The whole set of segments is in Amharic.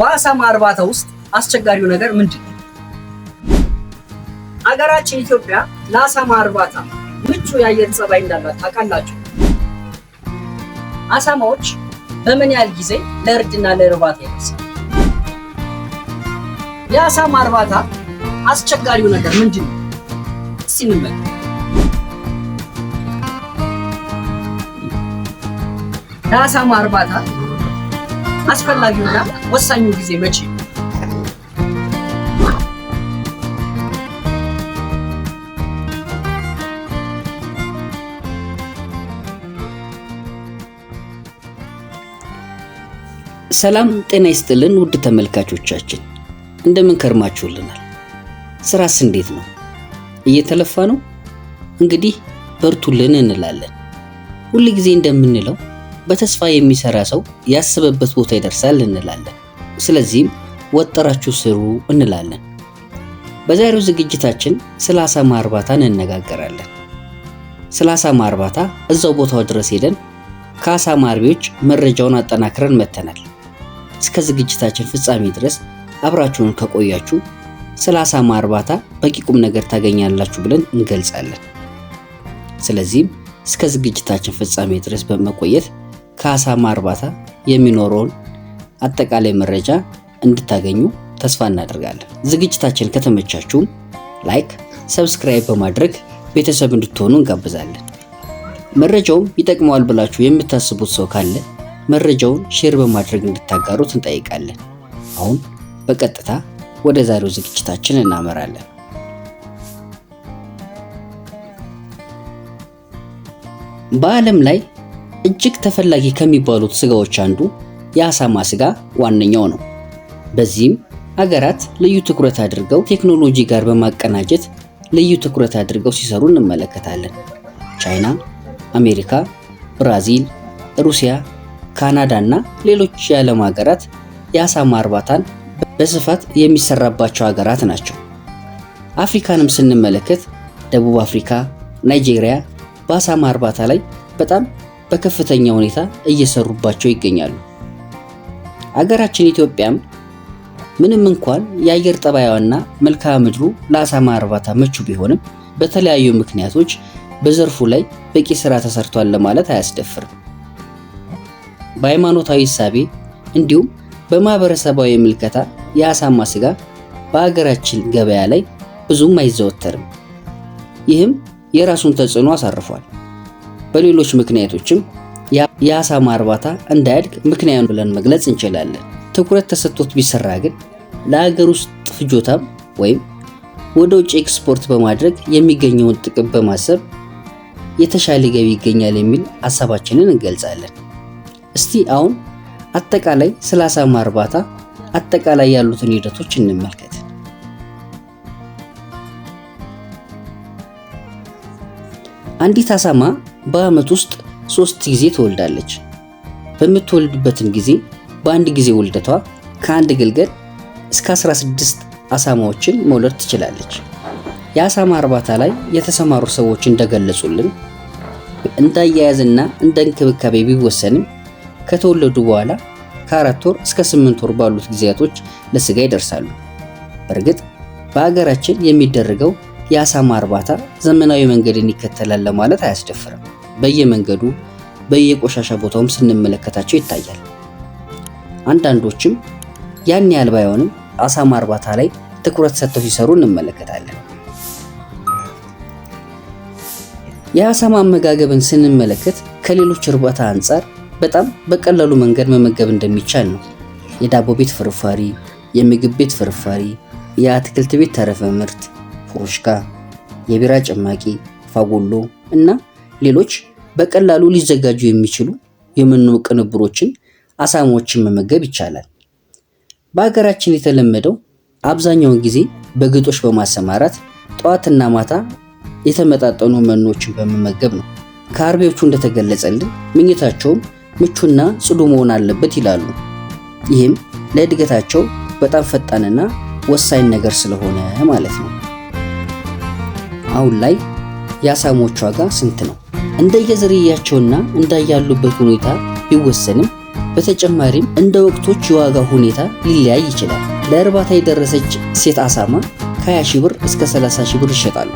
በአሳማ እርባታ ውስጥ አስቸጋሪው ነገር ምንድን ነው? ሀገራችን ኢትዮጵያ ለአሳማ እርባታ ምቹ የአየር ጸባይ እንዳላት ታውቃላችሁ? አሳማዎች በምን ያህል ጊዜ ለእርድና ለእርባታ ይደርሳል? የአሳማ እርባታ አስቸጋሪው ነገር ምንድን ነው? እስቲ እንመልከት። ለአሳማ እርባታ አስፈላጊውና ወሳኙ ጊዜ መቼ? ሰላም ጤና ይስጥልን ውድ ተመልካቾቻችን፣ እንደምን ከርማችሁልናል? ስራስ እንዴት ነው? እየተለፋ ነው? እንግዲህ በርቱልን እንላለን። ሁል ጊዜ እንደምንለው በተስፋ የሚሰራ ሰው ያሰበበት ቦታ ይደርሳል እንላለን። ስለዚህም ወጠራችሁ ስሩ እንላለን። በዛሬው ዝግጅታችን ስለ አሳማ እርባታ እንነጋገራለን። ስለ አሳማ እርባታ እዛው ቦታው ድረስ ሄደን ከአሳማ አርቢዎች መረጃውን አጠናክረን መተናል። እስከ ዝግጅታችን ፍጻሜ ድረስ አብራችሁን ከቆያችሁ ስለ አሳማ እርባታ በቂ ቁም ነገር ታገኛላችሁ ብለን እንገልጻለን። ስለዚህም እስከ ዝግጅታችን ፍጻሜ ድረስ በመቆየት ከአሳማ እርባታ የሚኖረውን አጠቃላይ መረጃ እንድታገኙ ተስፋ እናደርጋለን። ዝግጅታችን ከተመቻችሁም ላይክ፣ ሰብስክራይብ በማድረግ ቤተሰብ እንድትሆኑ እንጋብዛለን። መረጃውም ይጠቅመዋል ብላችሁ የምታስቡት ሰው ካለ መረጃውን ሼር በማድረግ እንድታጋሩት እንጠይቃለን። አሁን በቀጥታ ወደ ዛሬው ዝግጅታችን እናመራለን። በዓለም ላይ እጅግ ተፈላጊ ከሚባሉት ስጋዎች አንዱ የአሳማ ስጋ ዋነኛው ነው። በዚህም ሀገራት ልዩ ትኩረት አድርገው ቴክኖሎጂ ጋር በማቀናጀት ልዩ ትኩረት አድርገው ሲሰሩ እንመለከታለን። ቻይና፣ አሜሪካ፣ ብራዚል፣ ሩሲያ፣ ካናዳ እና ሌሎች የዓለም ሀገራት የአሳማ እርባታን በስፋት የሚሰራባቸው ሀገራት ናቸው። አፍሪካንም ስንመለከት ደቡብ አፍሪካ፣ ናይጄሪያ በአሳማ እርባታ ላይ በጣም በከፍተኛ ሁኔታ እየሰሩባቸው ይገኛሉ። አገራችን ኢትዮጵያም ምንም እንኳን የአየር ጠባያዋና መልክዓ ምድሩ ለአሳማ እርባታ ምቹ ቢሆንም በተለያዩ ምክንያቶች በዘርፉ ላይ በቂ ስራ ተሰርቷል ለማለት አያስደፍርም። በሃይማኖታዊ እሳቤ እንዲሁም በማህበረሰባዊ ምልከታ የአሳማ ስጋ በአገራችን ገበያ ላይ ብዙም አይዘወተርም። ይህም የራሱን ተጽዕኖ አሳርፏል። በሌሎች ምክንያቶችም የአሳማ እርባታ እንዳያድግ ምክንያቱን ብለን መግለጽ እንችላለን። ትኩረት ተሰጥቶት ቢሰራ ግን ለሀገር ውስጥ ፍጆታም ወይም ወደ ውጭ ኤክስፖርት በማድረግ የሚገኘውን ጥቅም በማሰብ የተሻለ ገቢ ይገኛል የሚል ሀሳባችንን እንገልጻለን። እስቲ አሁን አጠቃላይ ስለ አሳማ እርባታ አጠቃላይ ያሉትን ሂደቶች እንመልከት። አንዲት አሳማ በዓመት ውስጥ ሶስት ጊዜ ትወልዳለች። በምትወልድበትም ጊዜ በአንድ ጊዜ ውልደቷ ከአንድ ግልገል እስከ 16 አሳማዎችን መውለድ ትችላለች። የአሳማ እርባታ ላይ የተሰማሩ ሰዎች እንደገለጹልን እንደ አያያዝና እንደ እንክብካቤ ቢወሰንም ከተወለዱ በኋላ ከአራት ወር እስከ ስምንት ወር ባሉት ጊዜያቶች ለስጋ ይደርሳሉ። በእርግጥ በሀገራችን የሚደረገው የአሳማ እርባታ ዘመናዊ መንገድን ይከተላል ለማለት አያስደፍርም። በየመንገዱ በየቆሻሻ ቦታውም ስንመለከታቸው ይታያል። አንዳንዶችም ያን ያህል ባይሆንም አሳማ እርባታ ላይ ትኩረት ሰጥተው ሲሰሩ እንመለከታለን። የአሳማ አመጋገብን ስንመለከት ከሌሎች እርባታ አንጻር በጣም በቀላሉ መንገድ መመገብ እንደሚቻል ነው። የዳቦ ቤት ፍርፋሪ፣ የምግብ ቤት ፍርፋሪ፣ የአትክልት ቤት ተረፈ ምርት ፑሩሽካ፣ የቢራ ጭማቂ፣ ፋጎሎ እና ሌሎች በቀላሉ ሊዘጋጁ የሚችሉ የመኖ ቅንብሮችን አሳማዎችን መመገብ ይቻላል። በሀገራችን የተለመደው አብዛኛውን ጊዜ በግጦሽ በማሰማራት ጠዋትና ማታ የተመጣጠኑ መኖችን በመመገብ ነው። ከአርቢዎቹ እንደተገለጸልን ምኝታቸውም ምቹና ጽዱ መሆን አለበት ይላሉ። ይህም ለእድገታቸው በጣም ፈጣንና ወሳኝ ነገር ስለሆነ ማለት ነው። አሁን ላይ የአሳሞች ዋጋ ስንት ነው? እንደየዝርያቸውና እንዳያሉበት ሁኔታ ቢወሰንም በተጨማሪም እንደ ወቅቶች የዋጋ ሁኔታ ሊለያይ ይችላል። ለእርባታ የደረሰች ሴት አሳማ ከ20 ሺህ ብር እስከ 30 ሺህ ብር ይሸጣሉ።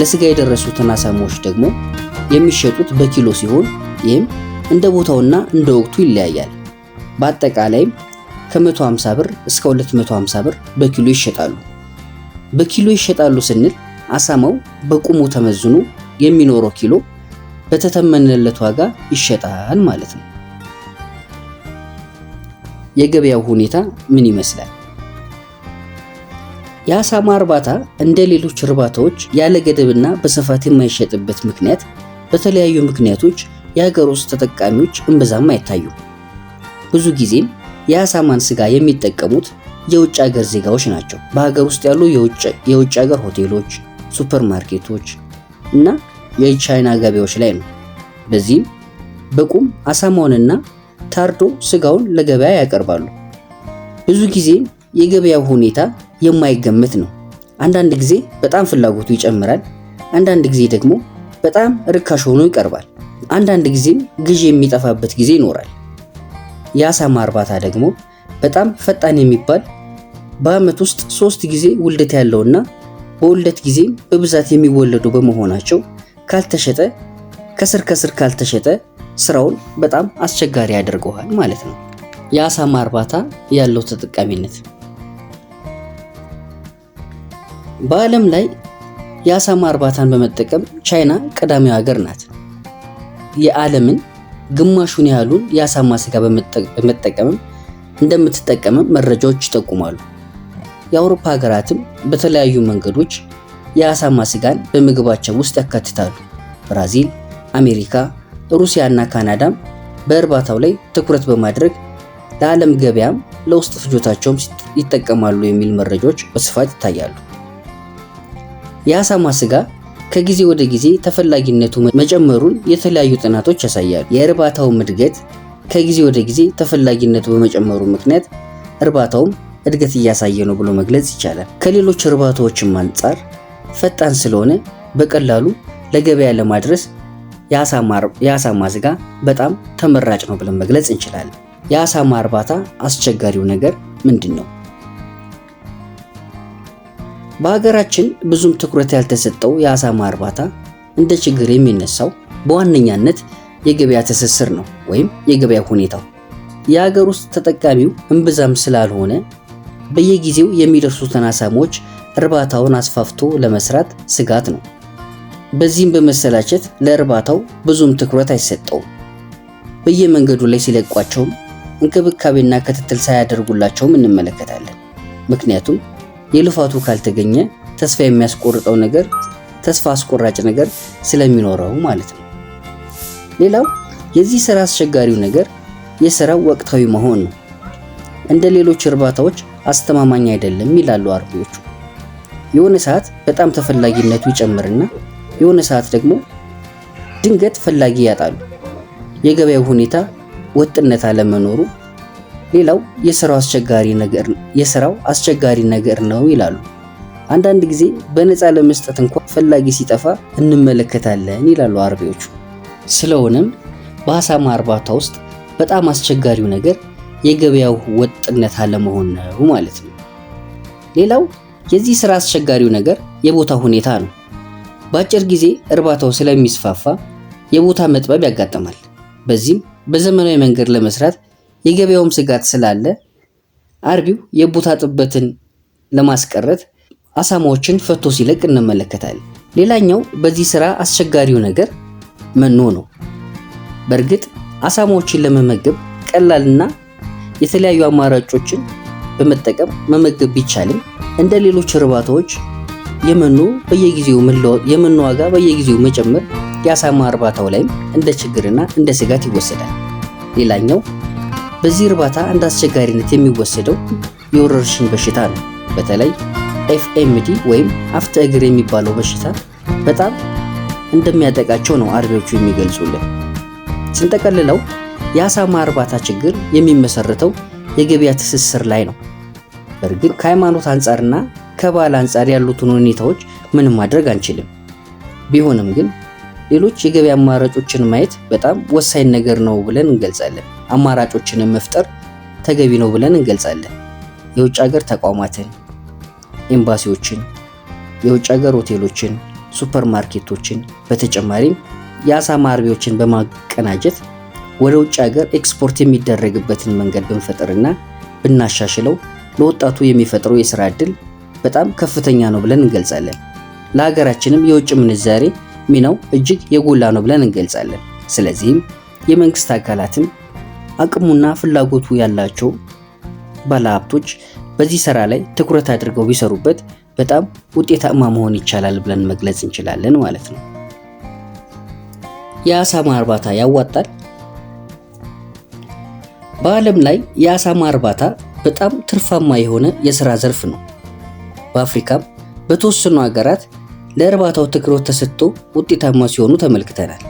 ለስጋ የደረሱትን አሳማዎች ደግሞ የሚሸጡት በኪሎ ሲሆን ይህም እንደ ቦታውና እንደ ወቅቱ ይለያያል። በአጠቃላይም ከ150 ብር እስከ 250 ብር በኪሎ ይሸጣሉ። በኪሎ ይሸጣሉ ስንል አሳማው በቁሙ ተመዝኖ የሚኖረው ኪሎ በተተመነለት ዋጋ ይሸጣል ማለት ነው። የገበያው ሁኔታ ምን ይመስላል? የአሳማ እርባታ እንደ ሌሎች እርባታዎች ያለ ገደብና በስፋት የማይሸጥበት ምክንያት በተለያዩ ምክንያቶች የሀገር ውስጥ ተጠቃሚዎች እምብዛም አይታዩም። ብዙ ጊዜም የአሳማን ስጋ የሚጠቀሙት የውጭ ሀገር ዜጋዎች ናቸው። በሀገር ውስጥ ያሉ የውጭ ሀገር ሆቴሎች ሱፐር ማርኬቶች እና የቻይና ገበያዎች ላይ ነው። በዚህም በቁም አሳማውንና ታርዶ ስጋውን ለገበያ ያቀርባሉ። ብዙ ጊዜ የገበያው ሁኔታ የማይገመት ነው። አንዳንድ ጊዜ በጣም ፍላጎቱ ይጨምራል፣ አንዳንድ ጊዜ ደግሞ በጣም ርካሽ ሆኖ ይቀርባል። አንዳንድ ጊዜም ግዢ የሚጠፋበት ጊዜ ይኖራል። የአሳማ እርባታ ደግሞ በጣም ፈጣን የሚባል በዓመት ውስጥ ሶስት ጊዜ ውልደት ያለውና በውልደት ጊዜም በብዛት የሚወለዱ በመሆናቸው ካልተሸጠ ከስር ከስር ካልተሸጠ ስራውን በጣም አስቸጋሪ ያደርገዋል ማለት ነው። የአሳማ እርባታ ያለው ተጠቃሚነት በዓለም ላይ የአሳማ እርባታን በመጠቀም ቻይና ቀዳሚው ሀገር ናት። የዓለምን ግማሹን ያህሉን የአሳማ ስጋ በመጠቀምም እንደምትጠቀምም መረጃዎች ይጠቁማሉ። የአውሮፓ ሀገራትም በተለያዩ መንገዶች የአሳማ ስጋን በምግባቸው ውስጥ ያካትታሉ። ብራዚል፣ አሜሪካ፣ ሩሲያ እና ካናዳም በእርባታው ላይ ትኩረት በማድረግ ለዓለም ገበያም ለውስጥ ፍጆታቸውም ይጠቀማሉ የሚል መረጃዎች በስፋት ይታያሉ። የአሳማ ስጋ ከጊዜ ወደ ጊዜ ተፈላጊነቱ መጨመሩን የተለያዩ ጥናቶች ያሳያሉ። የእርባታውም እድገት ከጊዜ ወደ ጊዜ ተፈላጊነቱ በመጨመሩ ምክንያት እርባታውም እድገት እያሳየ ነው ብሎ መግለጽ ይቻላል። ከሌሎች እርባታዎችም አንጻር ፈጣን ስለሆነ በቀላሉ ለገበያ ለማድረስ የአሳማ ስጋ በጣም ተመራጭ ነው ብለን መግለጽ እንችላለን። የአሳማ እርባታ አስቸጋሪው ነገር ምንድን ነው? በሀገራችን ብዙም ትኩረት ያልተሰጠው የአሳማ እርባታ እንደ ችግር የሚነሳው በዋነኛነት የገበያ ትስስር ነው ወይም የገበያ ሁኔታው የሀገር ውስጥ ተጠቃሚው እምብዛም ስላልሆነ በየጊዜው የሚደርሱትን አሳሞች እርባታውን አስፋፍቶ ለመስራት ስጋት ነው። በዚህም በመሰላቸት ለእርባታው ብዙም ትኩረት አይሰጠውም። በየመንገዱ ላይ ሲለቋቸውም እንክብካቤና ክትትል ሳያደርጉላቸውም እንመለከታለን። ምክንያቱም የልፋቱ ካልተገኘ ተስፋ የሚያስቆርጠው ነገር ተስፋ አስቆራጭ ነገር ስለሚኖረው ማለት ነው። ሌላው የዚህ ስራ አስቸጋሪው ነገር የስራው ወቅታዊ መሆን ነው። እንደ ሌሎች እርባታዎች አስተማማኝ አይደለም ይላሉ አርቢዎቹ። የሆነ ሰዓት በጣም ተፈላጊነቱ ይጨምርና የሆነ ሰዓት ደግሞ ድንገት ፈላጊ ያጣሉ። የገበያው ሁኔታ ወጥነት አለመኖሩ ሌላው የስራው አስቸጋሪ ነገር የስራው አስቸጋሪ ነገር ነው ይላሉ። አንዳንድ ጊዜ በነፃ ለመስጠት እንኳን ፈላጊ ሲጠፋ እንመለከታለን ይላሉ አርቢዎቹ። ስለሆነም በአሳማ እርባታ ውስጥ በጣም አስቸጋሪው ነገር የገበያው ወጥነት አለመሆን ነው ማለት ነው። ሌላው የዚህ ስራ አስቸጋሪው ነገር የቦታ ሁኔታ ነው። በአጭር ጊዜ እርባታው ስለሚስፋፋ የቦታ መጥበብ ያጋጥማል። በዚህም በዘመናዊ መንገድ ለመስራት የገበያውም ስጋት ስላለ አርቢው የቦታ ጥበትን ለማስቀረት አሳማዎችን ፈቶ ሲለቅ እንመለከታለን። ሌላኛው በዚህ ስራ አስቸጋሪው ነገር መኖ ነው። በእርግጥ አሳማዎችን ለመመገብ ቀላልና የተለያዩ አማራጮችን በመጠቀም መመገብ ቢቻልም እንደ ሌሎች እርባታዎች የመኖ በየጊዜው የመኖ ዋጋ በየጊዜው መጨመር የአሳማ እርባታው ላይም እንደ ችግርና እንደ ስጋት ይወሰዳል። ሌላኛው በዚህ እርባታ እንደ አስቸጋሪነት የሚወሰደው የወረርሽኝ በሽታ ነው። በተለይ ኤፍኤምዲ ወይም አፍተ እግር የሚባለው በሽታ በጣም እንደሚያጠቃቸው ነው አርቢዎቹ የሚገልጹልን። ስንጠቀልለው የአሳማ እርባታ ችግር የሚመሰረተው የገበያ ትስስር ላይ ነው። በእርግጥ ከሃይማኖት አንጻርና ከባህል አንጻር ያሉትን ሁኔታዎች ምንም ማድረግ አንችልም። ቢሆንም ግን ሌሎች የገበያ አማራጮችን ማየት በጣም ወሳኝ ነገር ነው ብለን እንገልጻለን። አማራጮችንም መፍጠር ተገቢ ነው ብለን እንገልጻለን። የውጭ ሀገር ተቋማትን፣ ኤምባሲዎችን፣ የውጭ ሀገር ሆቴሎችን፣ ሱፐርማርኬቶችን በተጨማሪም የአሳማ አርቢዎችን በማቀናጀት ወደ ውጭ ሀገር ኤክስፖርት የሚደረግበትን መንገድ ብንፈጥርና ብናሻሽለው ለወጣቱ የሚፈጥረው የስራ ዕድል በጣም ከፍተኛ ነው ብለን እንገልጻለን። ለሀገራችንም የውጭ ምንዛሬ ሚናው እጅግ የጎላ ነው ብለን እንገልጻለን። ስለዚህም የመንግስት አካላትም አቅሙና ፍላጎቱ ያላቸው ባለሀብቶች በዚህ ስራ ላይ ትኩረት አድርገው ቢሰሩበት በጣም ውጤታማ መሆን ይቻላል ብለን መግለጽ እንችላለን ማለት ነው። የአሳማ እርባታ ያዋጣል? በዓለም ላይ የአሳማ እርባታ በጣም ትርፋማ የሆነ የሥራ ዘርፍ ነው። በአፍሪካም በተወሰኑ ሀገራት ለእርባታው ትኩረት ተሰጥቶ ውጤታማ ሲሆኑ ተመልክተናል።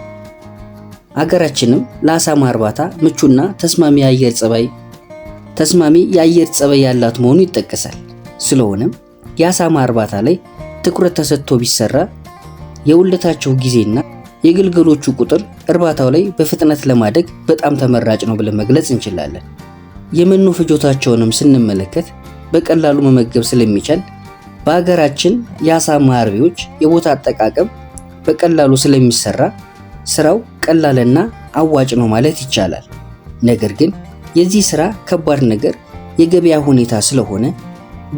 አገራችንም ለአሳማ እርባታ ምቹና ተስማሚ የአየር ጸባይ ተስማሚ የአየር ጸባይ ያላት መሆኑ ይጠቀሳል። ስለሆነም የአሳማ እርባታ ላይ ትኩረት ተሰጥቶ ቢሰራ የውለታቸው ጊዜና የግልገሎቹ ቁጥር እርባታው ላይ በፍጥነት ለማደግ በጣም ተመራጭ ነው ብለን መግለጽ እንችላለን። የመኖ ፍጆታቸውንም ስንመለከት በቀላሉ መመገብ ስለሚቻል በሀገራችን የአሳማ አርቢዎች የቦታ አጠቃቀም በቀላሉ ስለሚሰራ ስራው ቀላልና አዋጭ ነው ማለት ይቻላል። ነገር ግን የዚህ ስራ ከባድ ነገር የገበያ ሁኔታ ስለሆነ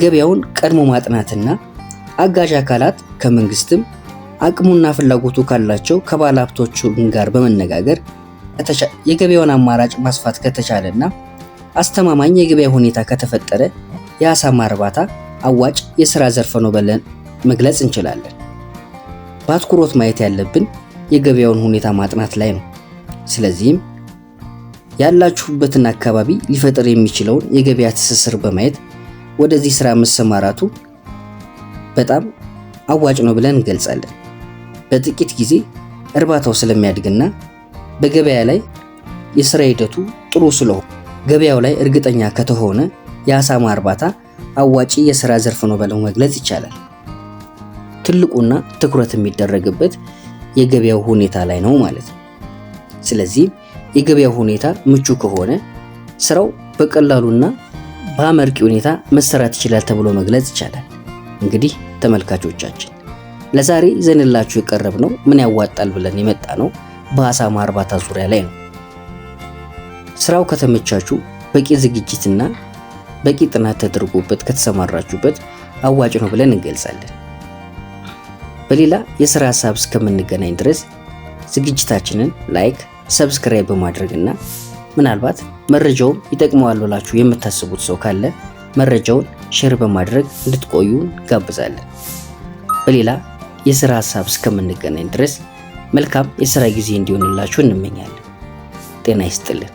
ገበያውን ቀድሞ ማጥናትና አጋዥ አካላት ከመንግስትም አቅሙና ፍላጎቱ ካላቸው ከባለ ሀብቶቹ ጋር በመነጋገር የገበያውን አማራጭ ማስፋት ከተቻለ እና አስተማማኝ የገበያ ሁኔታ ከተፈጠረ የአሳማ እርባታ አዋጭ የሥራ ዘርፍ ነው ብለን መግለጽ እንችላለን። በአትኩሮት ማየት ያለብን የገበያውን ሁኔታ ማጥናት ላይ ነው። ስለዚህም ያላችሁበትን አካባቢ ሊፈጥር የሚችለውን የገበያ ትስስር በማየት ወደዚህ ሥራ መሰማራቱ በጣም አዋጭ ነው ብለን እንገልጻለን። በጥቂት ጊዜ እርባታው ስለሚያድግና በገበያ ላይ የስራ ሂደቱ ጥሩ ስለሆነ ገበያው ላይ እርግጠኛ ከተሆነ የአሳማ እርባታ አዋጪ የስራ ዘርፍ ነው ብለው መግለጽ ይቻላል። ትልቁና ትኩረት የሚደረግበት የገበያው ሁኔታ ላይ ነው ማለት ነው። ስለዚህም የገበያው ሁኔታ ምቹ ከሆነ ስራው በቀላሉና በአመርቂ ሁኔታ መሰራት ይችላል ተብሎ መግለጽ ይቻላል። እንግዲህ ተመልካቾቻችን ለዛሬ ዘንላችሁ የቀረብ ነው ምን ያዋጣል ብለን የመጣ ነው በአሳማ እርባታ ዙሪያ ላይ ነው። ስራው ከተመቻችሁ በቂ ዝግጅትና በቂ ጥናት ተደርጎበት ከተሰማራችሁበት አዋጭ ነው ብለን እንገልጻለን። በሌላ የስራ ሀሳብ እስከምንገናኝ ድረስ ዝግጅታችንን ላይክ፣ ሰብስክራይብ በማድረግና ምናልባት መረጃውም ይጠቅመዋል ብላችሁ የምታስቡት ሰው ካለ መረጃውን ሼር በማድረግ እንድትቆዩ ጋብዛለን። በሌላ የስራ ሀሳብ እስከምንገናኝ ድረስ መልካም የስራ ጊዜ እንዲሆንላችሁ እንመኛለን። ጤና ይስጥልን።